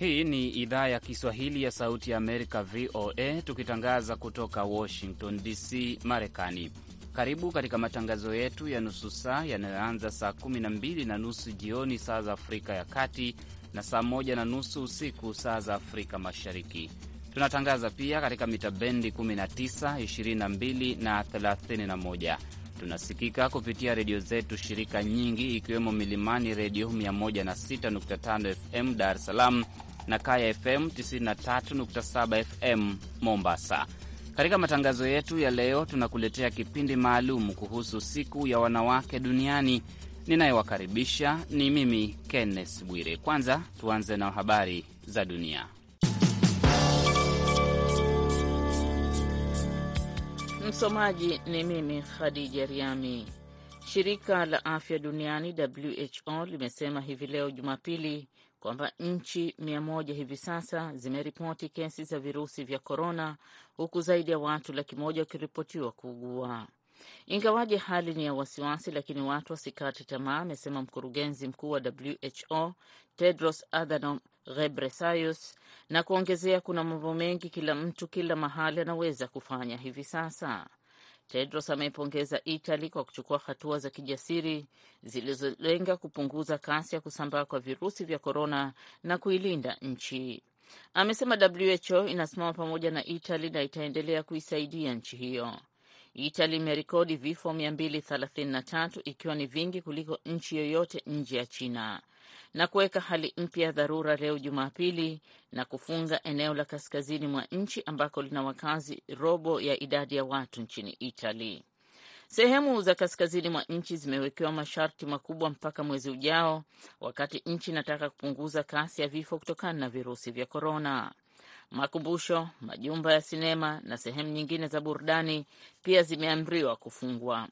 Hii ni idhaa ya Kiswahili ya Sauti ya Amerika, VOA, tukitangaza kutoka Washington DC, Marekani. Karibu katika matangazo yetu ya nusu saa yanayoanza saa 12 na nusu jioni saa za Afrika ya Kati na saa 1 na nusu usiku saa za Afrika Mashariki. Tunatangaza pia katika mita bendi 19, 22 na 31 Tunasikika kupitia redio zetu shirika nyingi ikiwemo Milimani Redio 106.5 FM Dar es Salaam na Kaya FM 93.7 FM Mombasa. Katika matangazo yetu ya leo, tunakuletea kipindi maalum kuhusu siku ya wanawake duniani. Ninayewakaribisha ni mimi Kenneth Bwire. Kwanza tuanze na habari za dunia. Msomaji ni mimi Khadija Riami. Shirika la Afya Duniani WHO limesema hivi leo Jumapili kwamba nchi mia moja hivi sasa zimeripoti kesi za virusi vya korona, huku zaidi ya watu laki moja wakiripotiwa kuugua. Ingawaje hali ni ya wasiwasi, lakini watu wasikate tamaa, amesema mkurugenzi mkuu wa WHO Tedros Adhanom Ghebresayus na kuongezea, kuna mambo mengi kila mtu kila mahali anaweza kufanya hivi sasa. Tedros ameipongeza Itali kwa kuchukua hatua za kijasiri zilizolenga kupunguza kasi ya kusambaa kwa virusi vya korona na kuilinda nchi. Amesema WHO inasimama pamoja na Itali na itaendelea kuisaidia nchi hiyo. Itali imerekodi vifo 233 ikiwa ni vingi kuliko nchi yoyote nje ya China na kuweka hali mpya ya dharura leo Jumapili na kufunga eneo la kaskazini mwa nchi ambako lina wakazi robo ya idadi ya watu nchini Italy. Sehemu za kaskazini mwa nchi zimewekewa masharti makubwa mpaka mwezi ujao, wakati nchi inataka kupunguza kasi ya vifo kutokana na virusi vya korona. Makumbusho, majumba ya sinema na sehemu nyingine za burudani pia zimeamriwa kufungwa.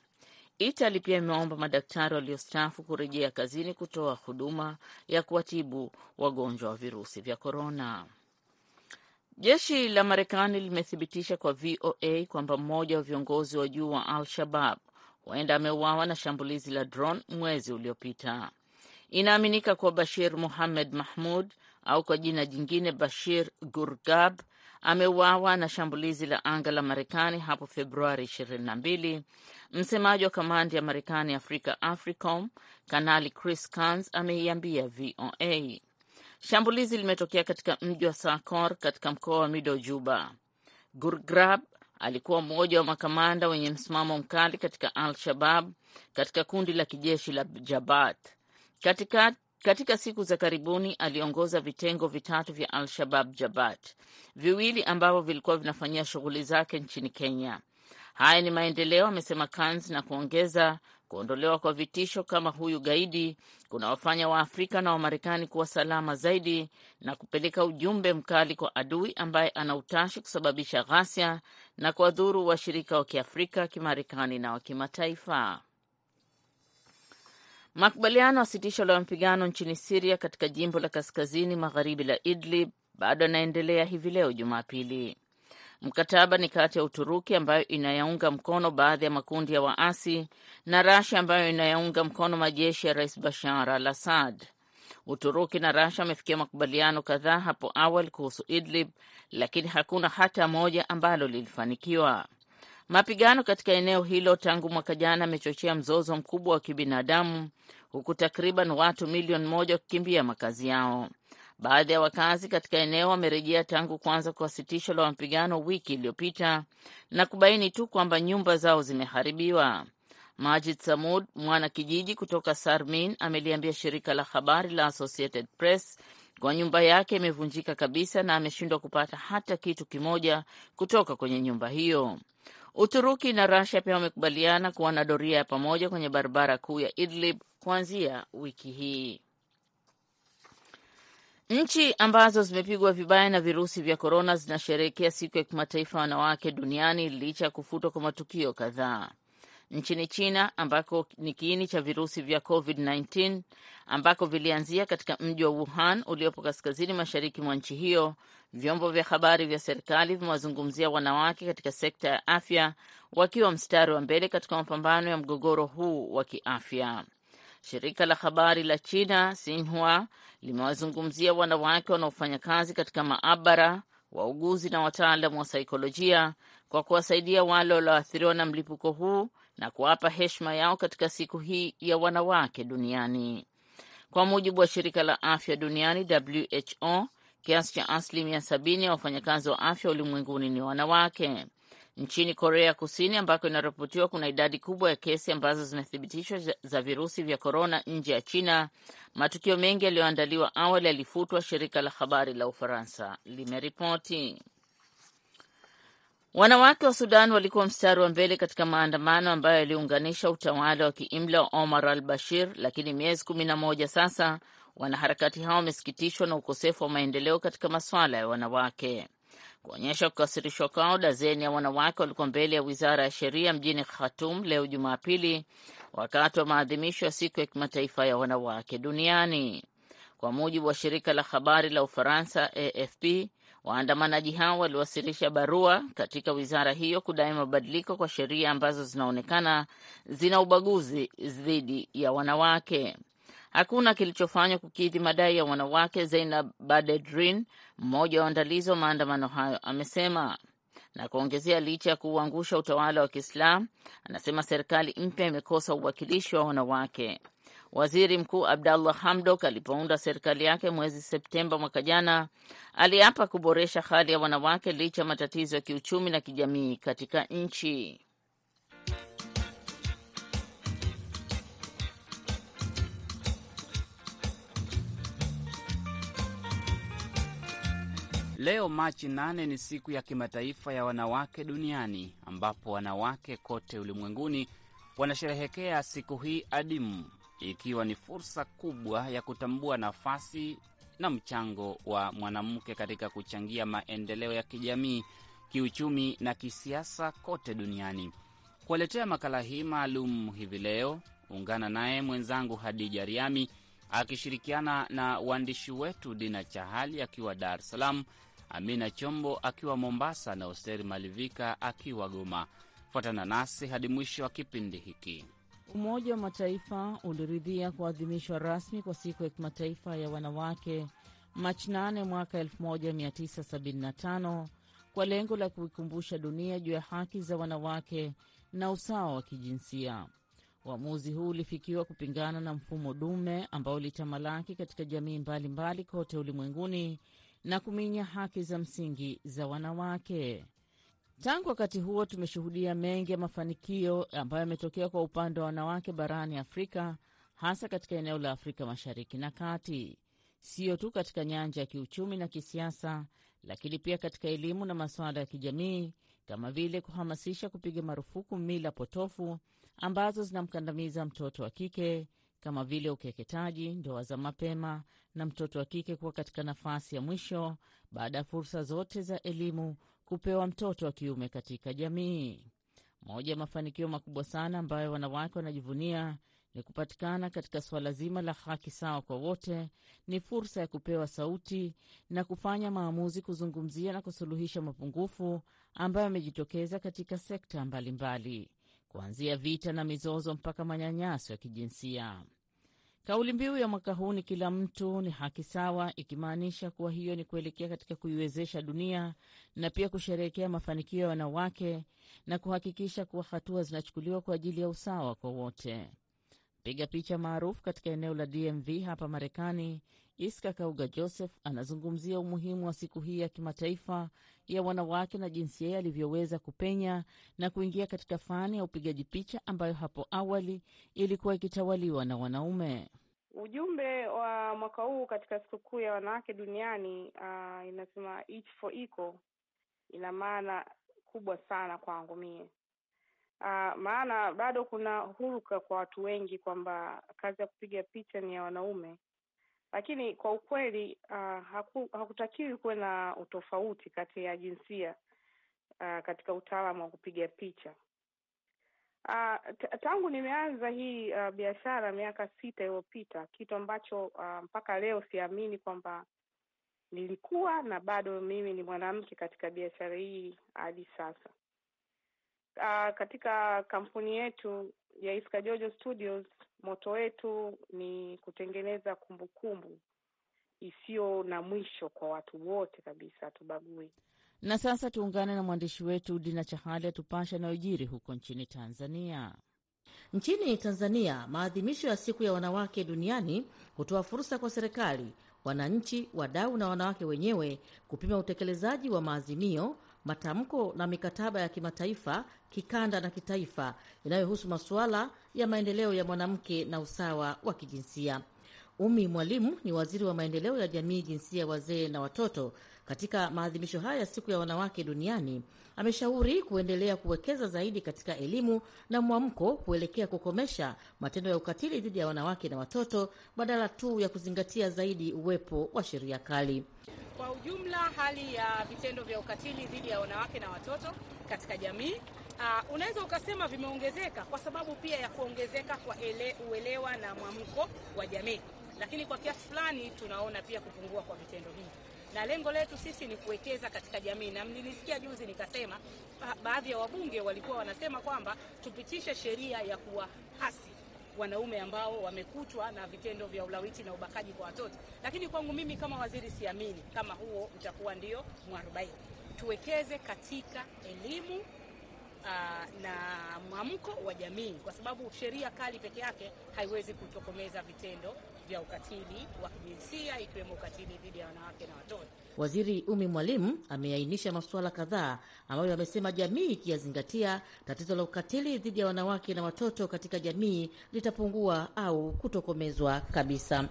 Itali pia imeomba madaktari waliostaafu kurejea kazini kutoa huduma ya kuwatibu wagonjwa wa virusi vya korona. Jeshi la Marekani limethibitisha kwa VOA kwamba mmoja wa viongozi wa juu wa Al-Shabab huenda ameuawa na shambulizi la drone mwezi uliopita. Inaaminika kuwa Bashir Muhamed Mahmud au kwa jina jingine Bashir Gurgab ameuawa na shambulizi la anga la Marekani hapo Februari 22. Msemaji wa kamandi ya Marekani Afrika, AFRICOM, Kanali Chris Cans ameiambia VOA shambulizi limetokea katika mji wa Sakor katika mkoa wa Mido Juba. Gurgrab alikuwa mmoja wa makamanda wenye msimamo mkali katika Al Shabab katika kundi la kijeshi la Jabat katikati katika siku za karibuni aliongoza vitengo vitatu vya Al-Shabab Jabat, viwili ambavyo vilikuwa vinafanyia shughuli zake nchini Kenya. Haya ni maendeleo, amesema Kans na kuongeza, kuondolewa kwa vitisho kama huyu gaidi kunawafanya Waafrika na Wamarekani kuwa salama zaidi na kupeleka ujumbe mkali kwa adui ambaye ana utashi kusababisha ghasia na kuwadhuru washirika wa Kiafrika, Kimarekani na wa kimataifa. Makubaliano ya sitisho la mapigano nchini Siria katika jimbo la kaskazini magharibi la Idlib bado yanaendelea hivi leo Jumapili. Mkataba ni kati ya Uturuki ambayo inayaunga mkono baadhi ya makundi ya waasi na Rasia ambayo inayaunga mkono majeshi ya Rais Bashar al Assad. Uturuki na Rasia wamefikia makubaliano kadhaa hapo awali kuhusu Idlib, lakini hakuna hata moja ambalo lilifanikiwa. Mapigano katika eneo hilo tangu mwaka jana yamechochea mzozo mkubwa wa kibinadamu, huku takriban watu milioni moja wakikimbia makazi yao. Baadhi ya wakazi katika eneo wamerejea tangu kuanza kwa sitisho la mapigano wiki iliyopita na kubaini tu kwamba nyumba zao zimeharibiwa. Majid Samud, mwana kijiji kutoka Sarmin, ameliambia shirika la habari la Associated Press kwa nyumba yake imevunjika kabisa na ameshindwa kupata hata kitu kimoja kutoka kwenye nyumba hiyo. Uturuki na Rasia pia wamekubaliana kuwa na doria ya pamoja kwenye barabara kuu ya Idlib kuanzia wiki hii. Nchi ambazo zimepigwa vibaya na virusi vya korona zinasherehekea siku ya kimataifa ya wanawake duniani licha ya kufutwa kwa matukio kadhaa nchini China ambako ni kiini cha virusi vya COVID-19 ambako vilianzia katika mji wa Wuhan uliopo kaskazini mashariki mwa nchi hiyo. Vyombo vya habari vya serikali vimewazungumzia wanawake katika sekta ya afya wakiwa mstari wa mbele katika mapambano ya mgogoro huu wa kiafya. Shirika la habari la China Sinhua limewazungumzia wanawake wanaofanya kazi katika maabara, wauguzi na wataalamu wa saikolojia kwa kuwasaidia wale walioathiriwa na mlipuko huu na kuwapa heshima yao katika siku hii ya wanawake duniani. Kwa mujibu wa shirika la afya duniani WHO, kiasi cha asilimia sabini ya wafanyakazi wa afya ulimwenguni ni wanawake. Nchini Korea Kusini, ambako inaripotiwa kuna idadi kubwa ya kesi ambazo zinathibitishwa za virusi vya korona nje ya China, matukio mengi yaliyoandaliwa awali yalifutwa, shirika la habari la Ufaransa limeripoti. Wanawake wa Sudan walikuwa mstari wa mbele katika maandamano ambayo yaliunganisha utawala wa kiimla wa Omar al Bashir, lakini miezi kumi na moja sasa wanaharakati hao wamesikitishwa na ukosefu wa maendeleo katika masuala ya wanawake. Kuonyesha kukasirishwa kwao, dazeni ya wanawake walikuwa mbele ya wizara ya sheria mjini Khartoum leo Jumapili, wakati wa maadhimisho ya siku ya kimataifa ya wanawake duniani. Kwa mujibu wa shirika la habari la Ufaransa AFP, Waandamanaji hao waliwasilisha barua katika wizara hiyo kudai mabadiliko kwa sheria ambazo zinaonekana zina ubaguzi dhidi ya wanawake. Hakuna kilichofanywa kukidhi madai ya wanawake, Zeinab Badedrin, mmoja wa waandalizi wa maandamano hayo, amesema na kuongezea, licha ya kuuangusha utawala wa Kiislamu, anasema serikali mpya imekosa uwakilishi wa wanawake. Waziri Mkuu Abdallah Hamdok alipounda serikali yake mwezi Septemba mwaka jana, aliapa kuboresha hali ya wanawake licha ya matatizo ya kiuchumi na kijamii katika nchi. Leo Machi 8 ni siku ya kimataifa ya wanawake duniani ambapo wanawake kote ulimwenguni wanasherehekea siku hii adimu ikiwa ni fursa kubwa ya kutambua nafasi na mchango wa mwanamke katika kuchangia maendeleo ya kijamii, kiuchumi na kisiasa kote duniani. Kuwaletea makala hii maalum hivi leo, ungana naye mwenzangu Hadija Riami akishirikiana na waandishi wetu Dina Chahali akiwa Dar es Salaam, Amina Chombo akiwa Mombasa na Osteri Malivika akiwa Goma. Fuatana nasi hadi mwisho wa kipindi hiki. Umoja wa Mataifa uliridhia kuadhimishwa rasmi kwa siku ya kimataifa ya wanawake Machi 8 mwaka 1975 kwa lengo la kuikumbusha dunia juu ya haki za wanawake na usawa wa kijinsia. Uamuzi huu ulifikiwa kupingana na mfumo dume ambao ulitamalaki katika jamii mbalimbali mbali kote ulimwenguni na kuminya haki za msingi za wanawake. Tangu wakati huo tumeshuhudia mengi ya mafanikio ambayo yametokea kwa upande wa wanawake barani Afrika, hasa katika eneo la Afrika mashariki na kati, sio tu katika nyanja ya kiuchumi na kisiasa, lakini pia katika elimu na masuala ya kijamii, kama vile kuhamasisha kupiga marufuku mila potofu ambazo zinamkandamiza mtoto wa kike kama vile ukeketaji, ndoa za mapema na mtoto wa kike kuwa katika nafasi ya mwisho baada ya fursa zote za elimu, kupewa mtoto wa kiume katika jamii. Moja ya mafanikio makubwa sana ambayo wanawake wanajivunia ni kupatikana katika suala zima la haki sawa kwa wote, ni fursa ya kupewa sauti na kufanya maamuzi, kuzungumzia na kusuluhisha mapungufu ambayo yamejitokeza katika sekta mbalimbali, kuanzia vita na mizozo mpaka manyanyaso ya kijinsia. Kauli mbiu ya mwaka huu ni kila mtu ni haki sawa, ikimaanisha kuwa hiyo ni kuelekea katika kuiwezesha dunia na pia kusherehekea mafanikio ya wanawake na kuhakikisha kuwa hatua zinachukuliwa kwa ajili ya usawa kwa wote. Mpiga picha maarufu katika eneo la DMV hapa Marekani Iska Kauga Joseph anazungumzia umuhimu wa siku hii ya kimataifa ya wanawake na jinsi yeye alivyoweza kupenya na kuingia katika fani ya upigaji picha ambayo hapo awali ilikuwa ikitawaliwa na wanaume. Ujumbe wa mwaka huu katika sikukuu ya wanawake duniani uh, inasema each for equal, ina maana kubwa sana kwangu mie. Uh, maana bado kuna huruka kwa watu wengi kwamba kazi ya kupiga picha ni ya wanaume, lakini kwa ukweli uh, haku, hakutakiwi kuwe na utofauti kati ya jinsia uh, katika utaalamu wa kupiga picha. Uh, tangu nimeanza hii uh, biashara miaka sita iliyopita, kitu ambacho uh, mpaka leo siamini kwamba nilikuwa na bado mimi ni mwanamke katika biashara hii hadi sasa. Uh, katika kampuni yetu ya Iska Jojo Studios Moto wetu ni kutengeneza kumbukumbu isiyo na mwisho kwa watu wote kabisa, hatubagui. Na sasa tuungane na mwandishi wetu Dina Chahali atupasha anayojiri huko nchini Tanzania. Nchini Tanzania, maadhimisho ya siku ya wanawake duniani hutoa fursa kwa serikali, wananchi, wadau na wanawake wenyewe kupima utekelezaji wa maazimio, matamko na mikataba ya kimataifa, kikanda na kitaifa inayohusu masuala ya maendeleo ya mwanamke na usawa wa kijinsia. Umi Mwalimu ni waziri wa maendeleo ya jamii, jinsia wazee na watoto. Katika maadhimisho haya ya siku ya wanawake duniani, ameshauri kuendelea kuwekeza zaidi katika elimu na mwamko kuelekea kukomesha matendo ya ukatili dhidi ya wanawake na watoto badala tu ya kuzingatia zaidi uwepo wa sheria kali. Kwa ujumla, hali ya vitendo vya ukatili dhidi ya wanawake na watoto katika jamii Uh, unaweza ukasema vimeongezeka kwa sababu pia ya kuongezeka kwa ele, uelewa na mwamko wa jamii lakini kwa kiasi fulani tunaona pia kupungua kwa vitendo hivi, na lengo letu sisi ni kuwekeza katika jamii, na mlinisikia juzi nikasema ah, baadhi ya wabunge walikuwa wanasema kwamba tupitishe sheria ya kuwahasi wanaume ambao wamekutwa na vitendo vya ulawiti na ubakaji kwa watoto, lakini kwangu mimi kama waziri siamini kama huo utakuwa ndio mwarobaini. Tuwekeze katika elimu Uh, na mwamko wa jamii kwa sababu sheria kali peke yake haiwezi kutokomeza vitendo vya ukatili wa kijinsia ikiwemo ukatili dhidi ya wanawake na watoto. Waziri Umi Mwalimu ameainisha masuala kadhaa ambayo amesema jamii ikiyazingatia, tatizo la ukatili dhidi ya wanawake na watoto katika jamii litapungua au kutokomezwa kabisa.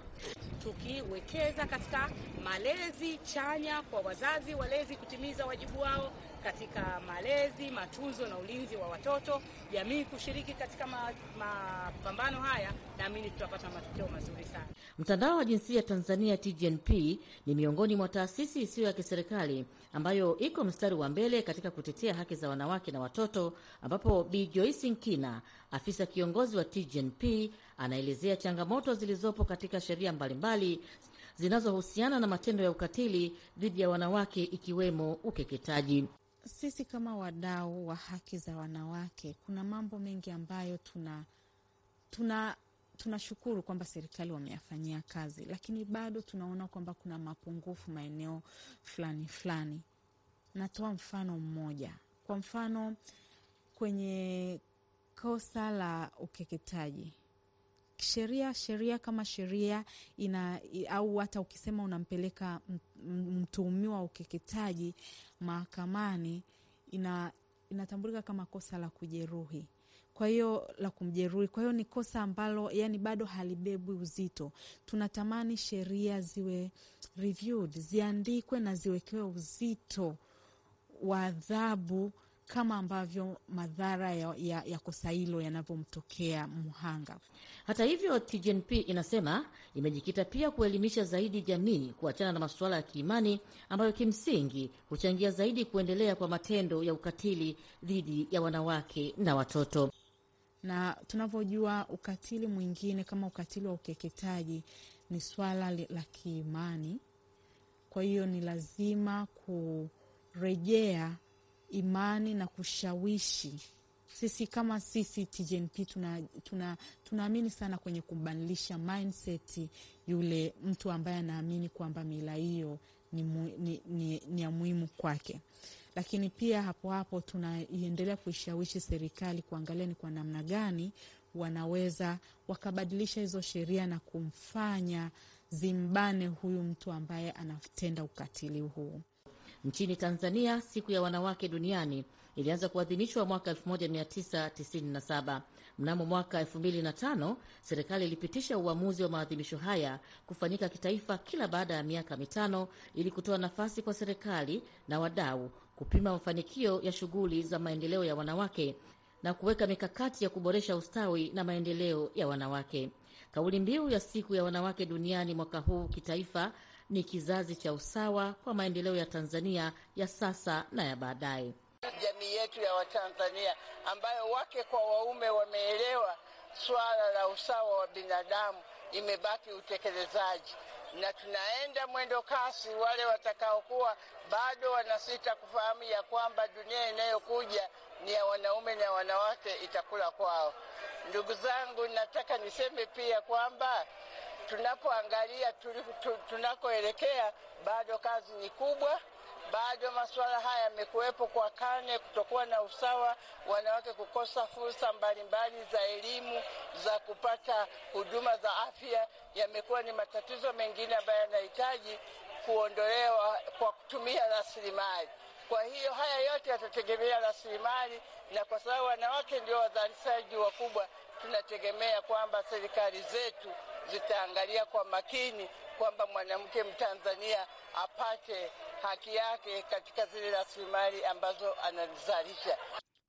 Tukiwekeza katika malezi chanya kwa wazazi walezi kutimiza wajibu wao katika malezi, matunzo na ulinzi wa watoto, jamii kushiriki katika mapambano ma haya, naamini tutapata matokeo mazuri sana. Mtandao wa Jinsia Tanzania TGNP ni miongoni mwa taasisi isiyo ya kiserikali ambayo iko mstari wa mbele katika kutetea haki za wanawake na watoto, ambapo Bi Joyce Nkina, afisa kiongozi wa TGNP, anaelezea changamoto zilizopo katika sheria mbalimbali zinazohusiana na matendo ya ukatili dhidi ya wanawake ikiwemo ukeketaji sisi kama wadau wa haki za wanawake, kuna mambo mengi ambayo tuna tuna tunashukuru kwamba serikali wameyafanyia kazi, lakini bado tunaona kwamba kuna mapungufu maeneo fulani fulani. Natoa mfano mmoja, kwa mfano kwenye kosa la ukeketaji sheria sheria kama sheria ina au hata ukisema unampeleka mtuhumiwa wa ukeketaji mahakamani ina, inatambulika kama kosa la kujeruhi kwa hiyo la kumjeruhi. Kwa hiyo ni kosa ambalo yani bado halibebwi uzito. Tunatamani sheria ziwe reviewed, ziandikwe na ziwekewe uzito wa adhabu kama ambavyo madhara ya, ya, ya kosa hilo yanavyomtokea mhanga. Hata hivyo, TGNP inasema imejikita pia kuelimisha zaidi jamii kuachana na masuala ya kiimani ambayo kimsingi huchangia zaidi kuendelea kwa matendo ya ukatili dhidi ya wanawake na watoto na tunavyojua ukatili mwingine kama ukatili wa ukeketaji ni swala la kiimani. Kwa hiyo ni lazima kurejea imani na kushawishi. Sisi kama sisi TGNP tunaamini tuna, tuna sana kwenye kubadilisha mindset yule mtu ambaye anaamini kwamba mila hiyo ni, ni, ni, ni ya muhimu kwake, lakini pia hapo hapo tunaiendelea kuishawishi serikali kuangalia ni kwa namna gani wanaweza wakabadilisha hizo sheria na kumfanya zimbane huyu mtu ambaye anatenda ukatili huu. Nchini Tanzania, siku ya wanawake duniani ilianza kuadhimishwa mwaka 1997. Mnamo mwaka 2005 serikali ilipitisha uamuzi wa maadhimisho haya kufanyika kitaifa kila baada ya miaka mitano ili kutoa nafasi kwa serikali na wadau kupima mafanikio ya shughuli za maendeleo ya wanawake na kuweka mikakati ya kuboresha ustawi na maendeleo ya wanawake. Kauli mbiu ya siku ya wanawake duniani mwaka huu kitaifa ni kizazi cha usawa kwa maendeleo ya Tanzania ya sasa na ya baadaye. Jamii yetu ya Watanzania ambayo wake kwa waume wameelewa suala la usawa wa binadamu, imebaki utekelezaji na tunaenda mwendo kasi. Wale watakaokuwa bado wanasita kufahamu ya kwamba dunia inayokuja ni ya wanaume na wanawake itakula kwao. Ndugu zangu, nataka niseme pia kwamba tunapoangalia tunakoelekea, bado kazi ni kubwa. Bado masuala haya yamekuwepo kwa karne, kutokuwa na usawa, wanawake kukosa fursa mbalimbali za elimu, za kupata huduma za afya, yamekuwa ni matatizo mengine ambayo yanahitaji kuondolewa kwa kutumia rasilimali. Kwa hiyo haya yote yatategemea rasilimali, na kwa sababu wanawake ndio wazalishaji wakubwa, tunategemea kwamba serikali zetu zitaangalia kwa makini kwamba mwanamke Mtanzania apate haki yake katika zile rasilimali ambazo anazalisha.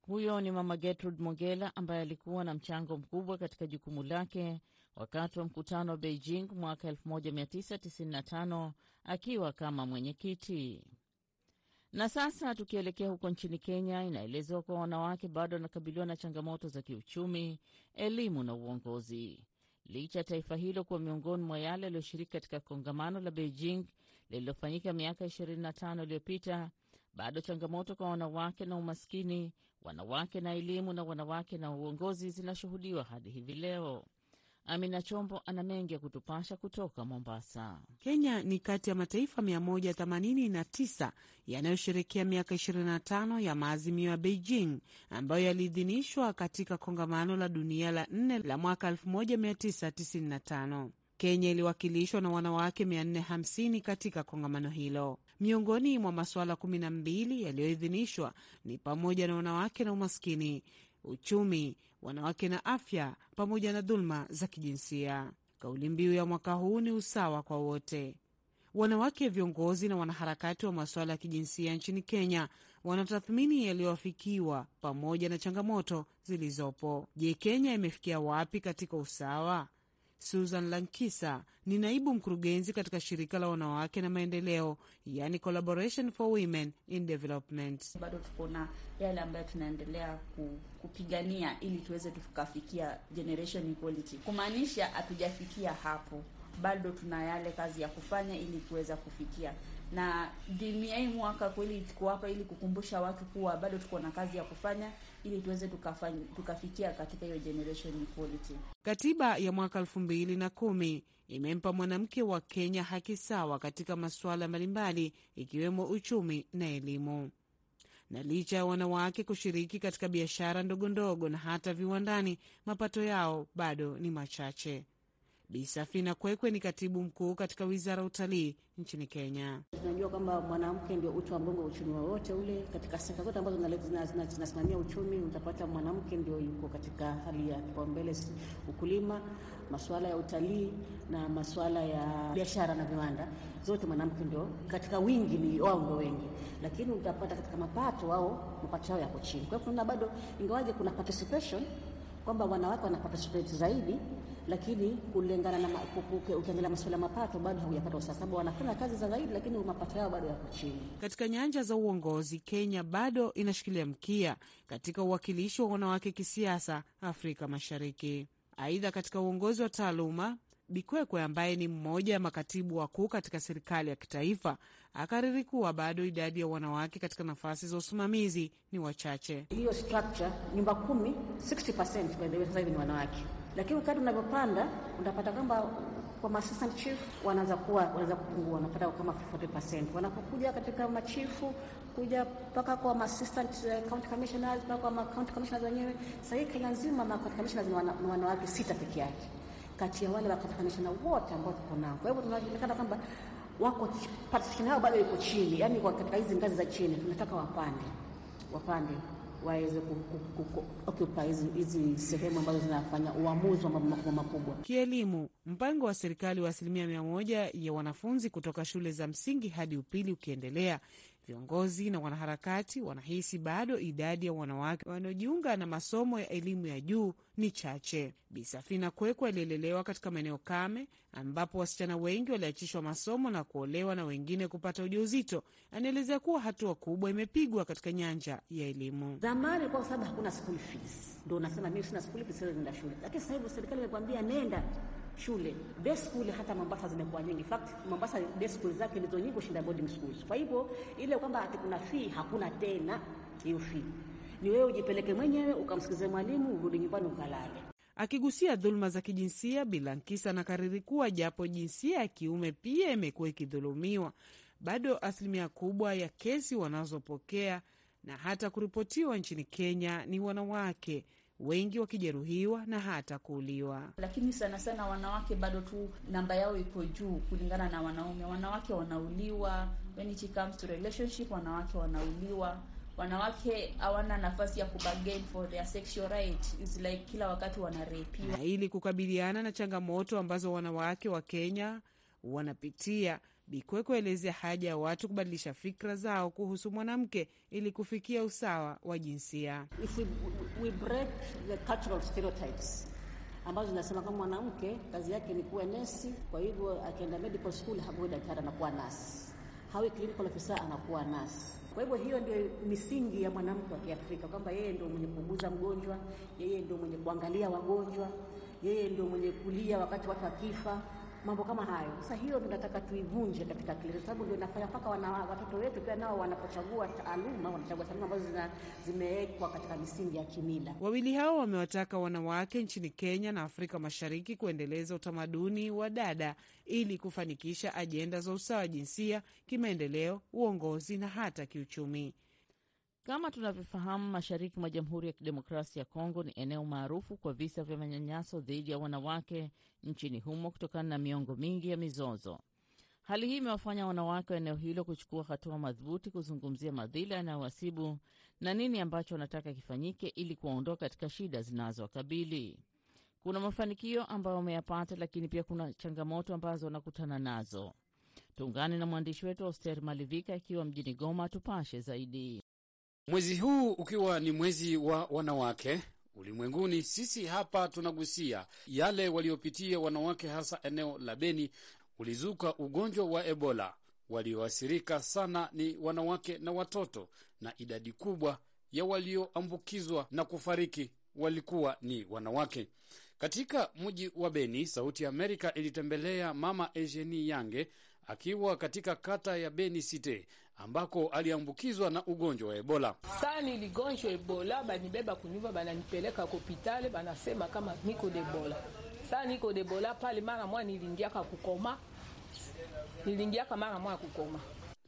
Huyo ni Mama Gertrude Mogela ambaye alikuwa na mchango mkubwa katika jukumu lake wakati wa mkutano wa Beijing mwaka 1995 akiwa kama mwenyekiti. Na sasa tukielekea huko nchini Kenya, inaelezewa kuwa wanawake bado wanakabiliwa na changamoto za kiuchumi, elimu na uongozi licha ya taifa hilo kuwa miongoni mwa yale yaliyoshiriki katika kongamano la Beijing lililofanyika miaka 25 iliyopita, bado changamoto kwa wanawake na umaskini, wanawake na elimu na wanawake na uongozi zinashuhudiwa hadi hivi leo. Amina Chombo ana mengi ya kutupasha kutoka Mombasa. Kenya ni kati ya mataifa 189 yanayosherekea miaka 25 ya maazimio ya Beijing ambayo yaliidhinishwa katika kongamano la dunia la nne la mwaka 1995. Kenya iliwakilishwa na wanawake 450 katika kongamano hilo. Miongoni mwa masuala 12 yaliyoidhinishwa ni pamoja na wanawake na umaskini, uchumi, wanawake na afya, pamoja na dhuluma za kijinsia. Kauli mbiu ya mwaka huu ni usawa kwa wote. Wanawake viongozi na wanaharakati wa masuala ya kijinsia nchini Kenya wanatathmini yaliyoafikiwa pamoja na changamoto zilizopo. Je, Kenya imefikia wapi katika usawa? Susan Lankisa ni naibu mkurugenzi katika shirika la wanawake na maendeleo, yani Collaboration for Women in Development. Bado tuko na yale ambayo tunaendelea kupigania ili tuweze tukafikia generation equality, kumaanisha hatujafikia hapo bado tuna yale kazi ya kufanya ili kuweza kufikia na dimiai mwaka kweli tuko hapa ili kukumbusha watu kuwa bado tuko na kazi ya kufanya ili tuweze tukafikia katika hiyo generation equality. Katiba ya mwaka elfu mbili na kumi imempa mwanamke wa Kenya haki sawa katika masuala mbalimbali ikiwemo uchumi na elimu. Na licha ya wanawake kushiriki katika biashara ndogondogo na hata viwandani, mapato yao bado ni machache. Bi Safina Kwekwe ni katibu mkuu katika wizara ya utalii nchini Kenya. Tunajua kwamba mwanamke ndio uti wa mgongo wa uchumi wowote ule. Katika sekta zote ambazo zinasimamia uchumi, utapata mwanamke ndio yuko katika hali ya kipaumbele: ukulima, masuala ya utalii na masuala ya biashara na viwanda, zote mwanamke ndio katika wingi, ni wao ndio wengi, lakini utapata katika mapato wao, mapato yao yako chini. Kwa hiyo kuna bado, ingawaje kuna participation kwamba wanawake wana participate zaidi lakini kulingana na ukiangalia masuala mapato bado haujapata usawa, sababu wanafanya kazi za zaidi, lakini mapato yao bado yako chini. Katika nyanja za uongozi, Kenya bado inashikilia mkia katika uwakilishi wa wanawake kisiasa Afrika Mashariki. Aidha, katika uongozi wa taaluma Bikwekwe ambaye ni mmoja ya makatibu wakuu katika serikali ya kitaifa akariri kuwa bado idadi ya wanawake katika nafasi za usimamizi ni wachache. Hiyo structure nyumba kumi, 60% by the way, sasa hivi ni wanawake lakini wakati unavyopanda unapata kwamba kwa assistant chief wanaanza kuwa wanaanza kupungua, wanapata kama 40%. Wanapokuja katika machifu kuja mpaka kwa assistant uh, county commissioners mpaka kwa county commissioners wenyewe, sasa hii Kenya nzima ma county commissioners ni wanawake sita pekee yake kati ya wale wa county commissioners wote ambao tuko nao. Kwa hivyo tunaonekana kwamba wako participation yao bado iko chini, yani kwa katika hizi ngazi za chini tunataka wapande wapande waweze kuokupa hizi sehemu ambazo zinafanya uamuzi wa mambo makubwa. Kielimu, mpango wa serikali wa asilimia mia moja ya wanafunzi kutoka shule za msingi hadi upili ukiendelea Viongozi na wanaharakati wanahisi bado idadi ya wanawake wanaojiunga na masomo ya elimu ya juu ni chache. Bisafina Kweku alielelewa katika maeneo kame ambapo wasichana wengi waliachishwa masomo na kuolewa na wengine kupata ujauzito. Anaelezea kuwa hatua kubwa imepigwa katika nyanja ya elimu. Zamani kwa sababu hakuna school fees, ndo nasema mimi sina school fees, nenda shule, lakini sasa hivi serikali imekwambia nenda shule day school hata Mombasa zimekuwa nyingi. In fact Mombasa day school zake ndizo nyingi kushinda boarding schools. Kwa hivyo ile kwamba ati kuna fee, hakuna tena hiyo fee. Ni wewe ujipeleke mwenyewe ukamsikize mwalimu urudi nyumbani ukalale. Akigusia dhuluma za kijinsia, Bilankisa anakariri kuwa japo jinsia ya kiume pia imekuwa ikidhulumiwa, bado asilimia kubwa ya kesi wanazopokea na hata kuripotiwa nchini Kenya ni wanawake wengi wakijeruhiwa na hata kuuliwa. Lakini sana sana wanawake bado tu namba yao iko juu kulingana na wanaume. Wanawake wanauliwa, when it comes to relationship, wanawake wanauliwa wanawake hawana nafasi ya kubargain for their sexual right. It's like kila wakati wanarepiwa. Ili kukabiliana na changamoto ambazo wanawake wa Kenya wanapitia Bikweko kuelezea haja ya watu kubadilisha fikra zao kuhusu mwanamke ili kufikia usawa wa jinsia. If we, we break the cultural stereotypes ambazo zinasema kama mwanamke kazi yake ni kuwa nesi, kwa hivyo akienda medical school hakuwe daktari anakuwa nasi, hawe clinical officer anakuwa nasi. Kwa hivyo hiyo ndio misingi ya mwanamke wa Kiafrika kwamba yeye ndio mwenye kuuguza mgonjwa, yeye ndio mwenye kuangalia wagonjwa, yeye ndio mwenye kulia wakati watu wakifa mambo kama hayo. Sasa hiyo tunataka tuivunje katika akili, kwa sababu ndio inafanya mpaka wana watoto wetu pia nao wanapochagua taaluma, wanachagua taaluma ambazo zimewekwa katika misingi ya kimila. Wawili hao wamewataka wanawake nchini Kenya na Afrika Mashariki kuendeleza utamaduni wa dada ili kufanikisha ajenda za usawa wa jinsia, kimaendeleo, uongozi na hata kiuchumi. Kama tunavyofahamu, mashariki mwa Jamhuri ya Kidemokrasia ya Kongo ni eneo maarufu kwa visa vya manyanyaso dhidi ya wanawake nchini humo kutokana na miongo mingi ya mizozo. Hali hii imewafanya wanawake wa eneo hilo kuchukua hatua madhubuti kuzungumzia madhila yanayowasibu na nini ambacho wanataka kifanyike ili kuwaondoa katika shida zinazowakabili. Kuna mafanikio ambayo wameyapata, lakini pia kuna changamoto ambazo wanakutana nazo. Tuungane na mwandishi wetu Auster Malivika akiwa mjini Goma tupashe zaidi. Mwezi huu ukiwa ni mwezi wa wanawake ulimwenguni, sisi hapa tunagusia yale waliopitia wanawake, hasa eneo la Beni. Ulizuka ugonjwa wa Ebola. Walioathirika sana ni wanawake na watoto, na idadi kubwa ya walioambukizwa na kufariki walikuwa ni wanawake. Katika mji wa Beni, Sauti ya Amerika ilitembelea Mama Eugenie Yange akiwa katika kata ya Beni Site ambako aliambukizwa na ugonjwa wa Ebola. Saa niligonjwa Ebola, banibeba kunyumba, bananipeleka kopitale, banasema kama niko de Ebola. Saa niko de Ebola pale, mara mwa nilingiaka kukoma, nilingiaka mara mwa kukoma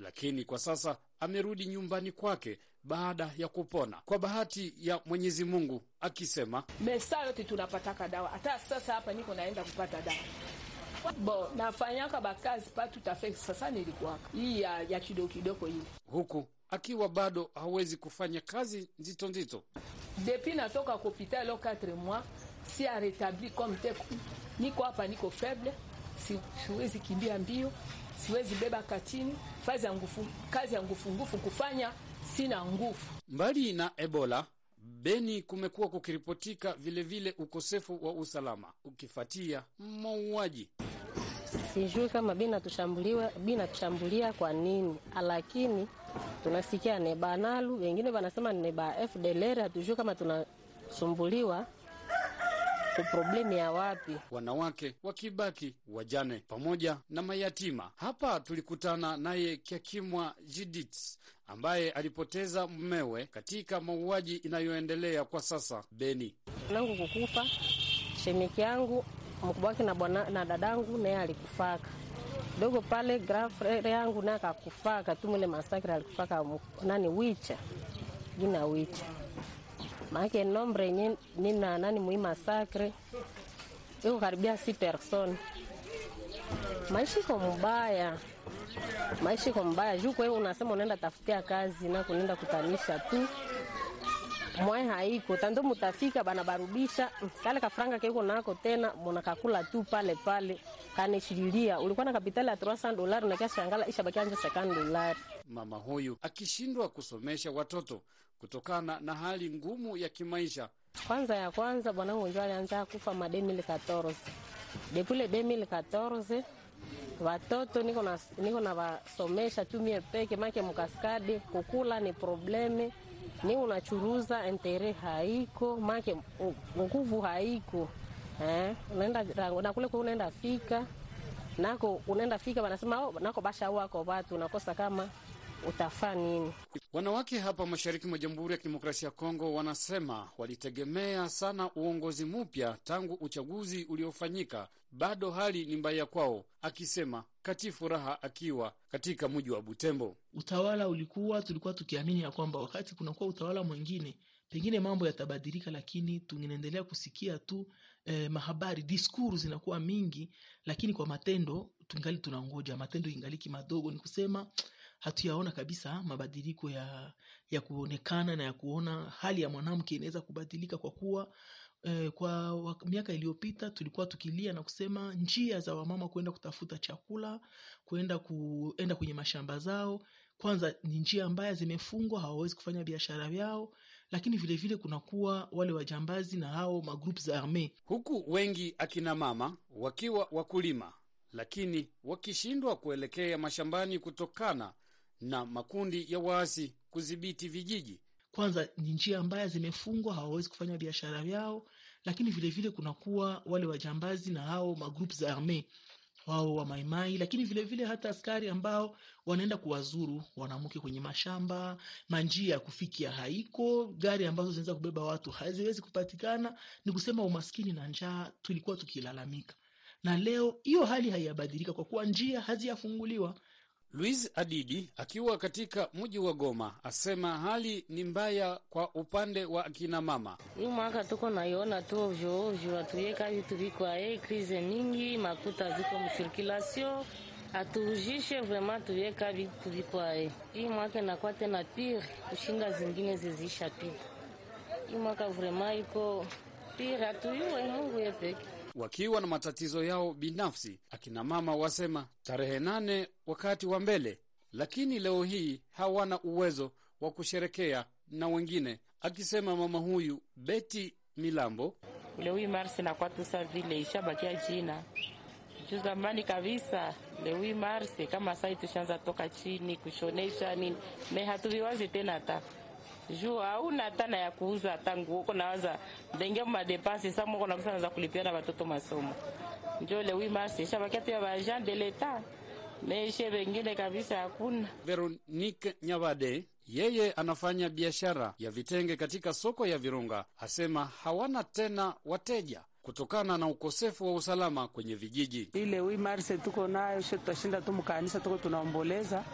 lakini kwa sasa amerudi nyumbani kwake baada ya kupona kwa bahati ya Mwenyezi Mungu, akisema mesaa yote tunapataka dawa. Hata sasa hapa niko naenda kupata dawa Bo, nafanyaka bakazi pa tutafe sasa nilikuwaka hii ya, ya kidogo kidogo hii huku akiwa bado hawezi kufanya kazi nzito nzito Depi natoka lo 4 mois si aretabli comme te niko hapa niko feble si, siwezi kimbia mbio siwezi beba katini kazi ya ngufungufu kufanya sina nguvu mbali na Ebola Beni kumekuwa kukiripotika vilevile ukosefu wa usalama ukifatia mauaji. Sijui kama binatushambulia kwa nini, lakini tunasikia nebanalu, wengine wanasema neba FDLR. Hatujui kama tunasumbuliwa problemu ya wapi. Wanawake wakibaki wajane pamoja na mayatima. Hapa tulikutana naye Kyakimwa Jidits ambaye alipoteza mmewe katika mauaji inayoendelea kwa sasa Beni. Nangu kukufa shemiki yangu mkubwa wake na bwana na dadangu naye alikufaka dogo pale grafre yangu naye akakufaka tu mule masakira alikufaka nani wicha jina wicha maake nombre nye, nina nani mui masakre iko karibia si person maisha iko mbaya maisha iko mbaya juu. Kwa hiyo unasema unaenda tafutia kazi na kunenda kutanisha tu mwae haiko tando, mutafika bana barubisha kale kafranga keko nako tena, kakula tu pale pale. Kanishililia ulikuwa na kapitali ya 300 dolari na kiasi angala isha baki anza sekani dolari. Mama huyu akishindwa kusomesha watoto kutokana na hali ngumu ya kimaisha. Kwanza ya kwanza bwana wangu alianza kufa ma 14 depuis le 2014 Watoto niko na niko na wasomesha tu mie peke make, mukaskadi kukula ni probleme, ni unachuruza entere haiko make nguvu haiko eh, unaenda na kule kwa unaenda fika nako unaenda fika, wanasema oh, nako basha wako watu unakosa kama utafaa nini? Wanawake hapa mashariki mwa Jamhuri ya Kidemokrasia ya Kongo wanasema walitegemea sana uongozi mpya tangu uchaguzi uliofanyika. Bado hali ni mbaya kwao, akisema kati furaha akiwa katika mji wa Butembo. Utawala ulikuwa, tulikuwa tukiamini ya kwamba wakati kunakuwa utawala mwingine pengine mambo yatabadilika, lakini tunaendelea kusikia tu eh, mahabari diskuru zinakuwa mingi, lakini kwa matendo tungali tunangoja matendo ingaliki madogo. Ni kusema hatuyaona kabisa mabadiliko ya, ya kuonekana na ya kuona hali ya mwanamke inaweza kubadilika kwa kuwa eh, kwa miaka iliyopita tulikuwa tukilia na kusema njia za wamama kwenda kutafuta chakula kwenda kuenda kwenye mashamba zao kwanza ni njia mbaya, zimefungwa, hawawezi kufanya biashara yao lakini vilevile kunakuwa wale wajambazi na hao magrup za arme, huku wengi akina mama wakiwa wakulima, lakini wakishindwa kuelekea mashambani kutokana na makundi ya waasi kudhibiti vijiji. Kwanza ni njia ambayo zimefungwa, hawawezi kufanya biashara yao, lakini vilevile kunakuwa wale wajambazi na hao magrupu za arme wao wa maimai, lakini vilevile vile hata askari ambao wanaenda kuwazuru wanamke kwenye mashamba, manjia ya kufikia haiko, gari ambazo zinaweza kubeba watu haziwezi kupatikana. Ni kusema umaskini na njaa tulikuwa tukilalamika, na leo hiyo hali haiyabadilika kwa kuwa njia haziyafunguliwa Luis Adidi akiwa katika mji wa Goma asema hali ni mbaya kwa upande wa akina mama. Hii mwaka tuko naiona tu ovyo ovyo, hatuyeka vitu vikwae, krize mingi, makuta ziko msirkulasio, haturujishe vrema, tuyeka vitu vikwae. Hii mwaka inakuwa tena pire kushinda zingine zizisha pire. Hii mwaka vrema iko pire, hatuyue Mungu yepeke wakiwa na matatizo yao binafsi. Akina mama wasema tarehe nane wakati wa mbele, lakini leo hii hawana uwezo wa kusherekea na wengine, akisema mama huyu Beti Milambo. Leo hii inakuwa tu sa vile ishabakia jina juu zamani kabisa. Leo hii kama sai tushanza toka chini kushonesha nini, me hatuviwazi tena hata juu hauna hata na ya kuuza hata nguo, uko nakusa kulipia na watoto masomo, le ya de l'etat vengine kabisa hakuna. Veronique Nyabade yeye anafanya biashara ya vitenge katika soko ya Virunga, asema hawana tena wateja kutokana na ukosefu wa usalama kwenye vijiji. Ile marse tuko nayo she, tutashinda tu mkanisa tuko tunaomboleza,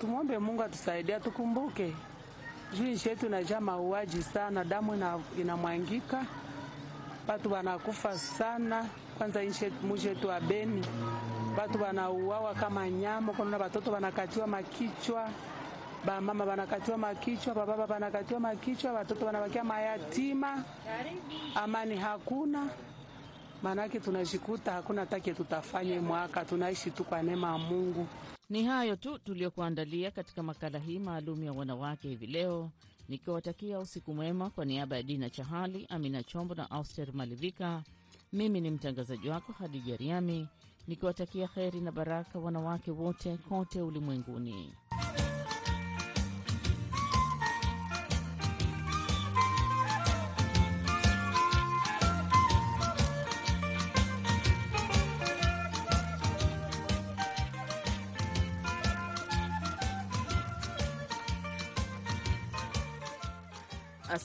tumwombe Mungu atusaidia, tukumbuke juu nchi yetu inajaa mauaji sana, damu inamwangika, watu wanakufa sana. Kwanza mji wetu wa Beni watu wanauawa kama nyama, kuna watoto wanakatiwa makichwa, bamama wanakatiwa makichwa, bababa wanakatiwa makichwa, watoto wanabakia mayatima, amani hakuna. Maanake tunajikuta hakuna take tutafanye mwaka, tunaishi tu kwa neema ya Mungu. Ni hayo tu tuliyokuandalia katika makala hii maalum ya wanawake hivi leo, nikiwatakia usiku mwema. Kwa niaba ya Dina Chahali, Amina Chombo na Auster Malivika, mimi ni mtangazaji wako Hadija Riami, nikiwatakia heri na baraka wanawake wote kote ulimwenguni.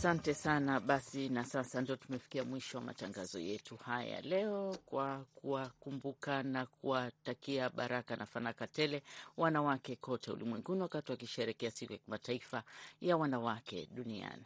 Asante sana. Basi na sasa ndio tumefikia mwisho wa matangazo yetu haya leo, kwa kuwakumbuka na kuwatakia baraka na fanaka tele wanawake kote ulimwenguni, wakati wakisherekea siku ya kimataifa ya wanawake duniani.